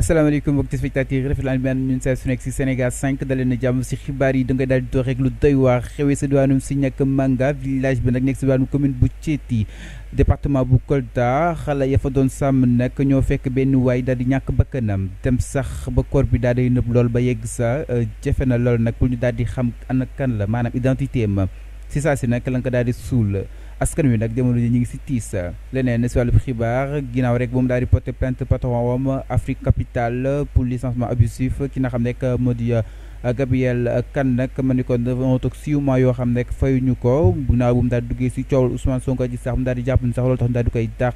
asalaamaaleykum mbokki spectateur rafetlu nañu ànd ñun saa su nekk si Sénégal 5 dalee na jàmm si xibaar yi da ngay daal di door rek lu doy waar xewee sa diwaanum si ñàkk Manga village bi nag nekk si diwaanu commune bu Thiety département bu Kolda xale ya fa doon sàmm nag ñoo fekk benn waay daal di ñàkk bakkanam dem sax ba corps bi daal di nëb lool ba yegg sa euh, jafe na lool nag ku ñu daal di xam ana kan la maanaam identité ma si saa si nag la nga daal di suul. askan wi nag jamono ñu ngi si tiis leneen si wàllu xibaar ginnaaw rek ba mu di plainte patron wam Afrique Capitale pour licenciement abusif ki nga xam ne moo di Gabriel kan nag ma ni ko on toog six mois yoo xam ne fayuñu ko ginnaaw bu mu daal duggee si coowal Ousmane Sonko ji sax mu daal di jàpp ni sax loolu tax mu daal di koy dàq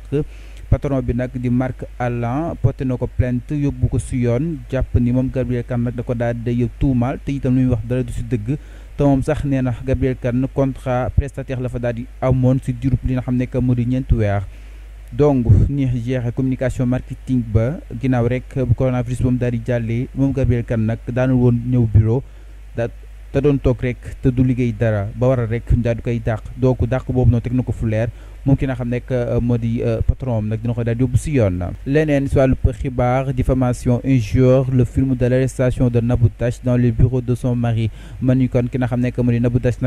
patron bi nag di Marc Allan porté na ko plainte yóbbu ko si yoon jàpp ni moom Gabriel Kane nag da ko daal di tuumal te itam lu muy wax dala du si dëgg te moom sax nee na Gabriel Kane contrat prestataire la fa daal di amoon si diirub li nga xam ne que mu di ñeenti weer. donc ñi jeexe communication marketing ba ginnaaw rek bu coronavirus ba mu daal di jàlle moom Gabriel kan nag daanul woon ñëw bureau da te doon toog rek te du liggéey dara ba waral rek daal di koy dàq donc dàq boobu noo teg na ko fu leer moom ki nga xam euh, euh, patron am nag dina ko daal di yóbbu si yoon leneen si wàllu xibaar diffamation injure le film de l'arrestation de Nabou dans le bureau de son mari man ñu kon ki nga xam nekk moo di Nabou Dash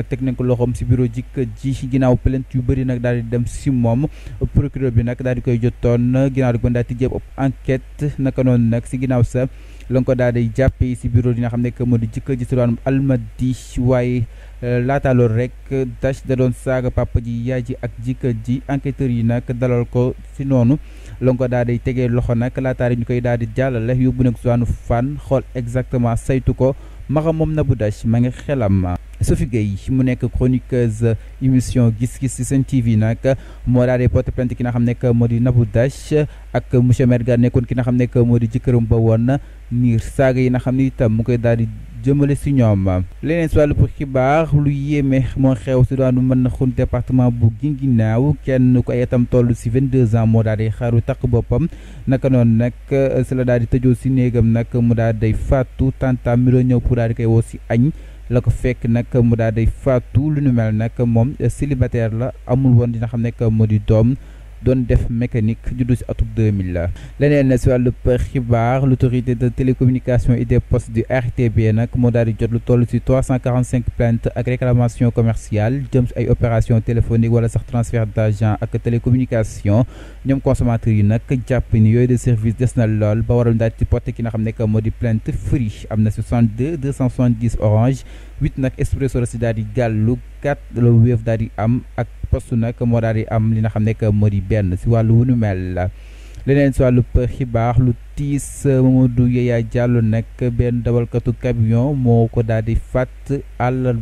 si bureau jik ji ginaaw plainte yu beuri nak daal di dem si moom procureur bi nak daal di koy jotoon ginaaw ko ndati di tijjee enquête nak non nak si ginaaw sa la nga ko daal di jàppee si bureau dina nga xam nekk moo ji si wàllum almadi waaye euh, laata loolu rek Dash da don saga papa ji yaay ak jik ji yi enquêteurs yi nag dalal ko si noonu la ko daal di tegee loxo nag laataari ñu koy daal di jàllale yóbbu nag suwaanu fan xool exactement saytu ko maxa moom Nabou Dash ma ngi xelam Sophie Gueye mu nekk chroniqueuse émission gis-gis ci Sen TV nag moo daa di porte plainte ki nga xam nekk moo di Nabou Dash ak monsieur Merga nekkoon ki nga xam nekk moo di jëkkëram ba woon niir saaga yi nga xam ne itam mu koy daal di jëmale si ñoom leneen si wàllu xibaar lu yéeme moo xew si daanu mën na xun département bu Guinguinéo kenn ko ay atam toll si deux ans moo daal di xaru takk boppam naka noonu nag si euh, la daal di tëjoo si néegam nag mu daal day faatu tantam mi ñëw pour daal di koy woo si añ la ko fekk nag mu daal day faatu lu nu mel nag moom célibataire la amul woon dina xam ne moo di doom doon def mécanique du si atub 2000 la leneen na si xibaar l'autorité de télécommunication et des postes du RTB nag moo daal di jot lu toll si 345 plaintes ak réclamation commerciale jëm si ay opération téléphonique wala sax transfert d'argent ak télécommunication ñoom consommateurs yi nag jàpp ni yooyu de service des na lool ba waral daal ci porté ki nga xam ne que moo di plainte Free am 62 270 Orange 8 nag Expresso la si daal 4 la wéef daal di am ak poste nag moo daal di am li nga xam nekk moo di benn si wàllu wunu mel la leneen si wàllu xibaax lu tiis Mamadou Yaya Diallo nag benn dawalkatu camion moo ko daal di fàtt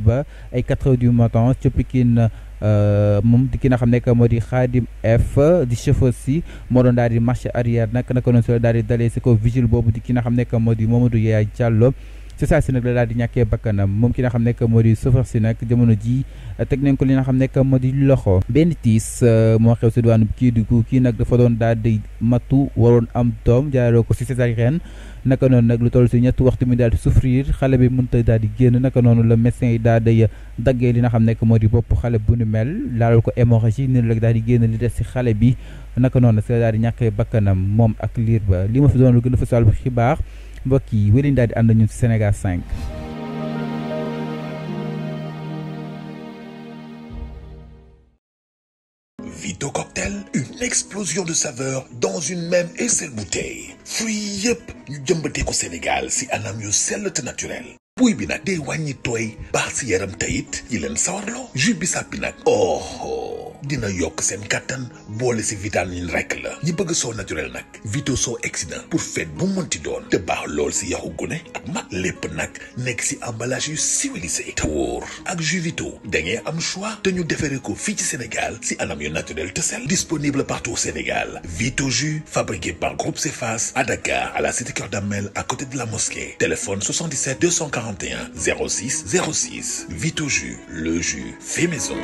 ba ay 4 heures du matin ci Pikine euh, moom di ki na xam nekk moo di Khadim F di chauffeur si moo doon daal di marche arrière nag naka noonu si daal di dalee si ko vigile boobu di ki na xam nekk moo di Mamadou Yaya Diallo ci si nag la daal di ñàkkee bakkanam moom ki na xam nekk moo di chauffeur si nag jamono ji teg nañ ko li nga xam nekk moo di loxo benn tiis euh, moo xew si diwaanu Kédougou kii nag dafa doon daal di mattu waroon am doom jaaroo ko si césarienne naka noonu nag lu toll si ñetti waxtu mi daal di xale bi mënut a daal di génn naka noonu la médecin yi daal di daggee dina nga xam nekk moo di bopp xale bu nu mel laalal ko hémorragie nii la daal di génn li def si xale bi naka noonu la daal bakkanam moom ak liir ba li ma fi doon lu gën a fësal xibaar mbokk yi wéy daal di ànd ñun Sénégal 5. Vito cocktail une explosion de saveurs dans une même et seule bouteille fruits yep, yëpp ñu jëmbatee ko Sénégal si anam yu sell te naturel. buy bi nag day wàññi tooy baax si yaram tayit yi leen sawarloo jus bisaab bi oh. oh dina yok sen katan bolé si vitamine rek la ñi bëgg so naturel nak vito soo exsident pour fête bu monti doon te baax lool si yaxu gune ak mag lépp nak nekk ci emballage civilisé tour ak jus vito da ngeen am choix te ñu déféré ko fi ci Sénégal si anam yu naturel te sel disponible partout au Sénégal vito jus fabriqué par Groupe Cefas à Dakar à la cité cœur Damel à côté de la mosquée téléphone 77 241 06 06 vito jus le jus fait maison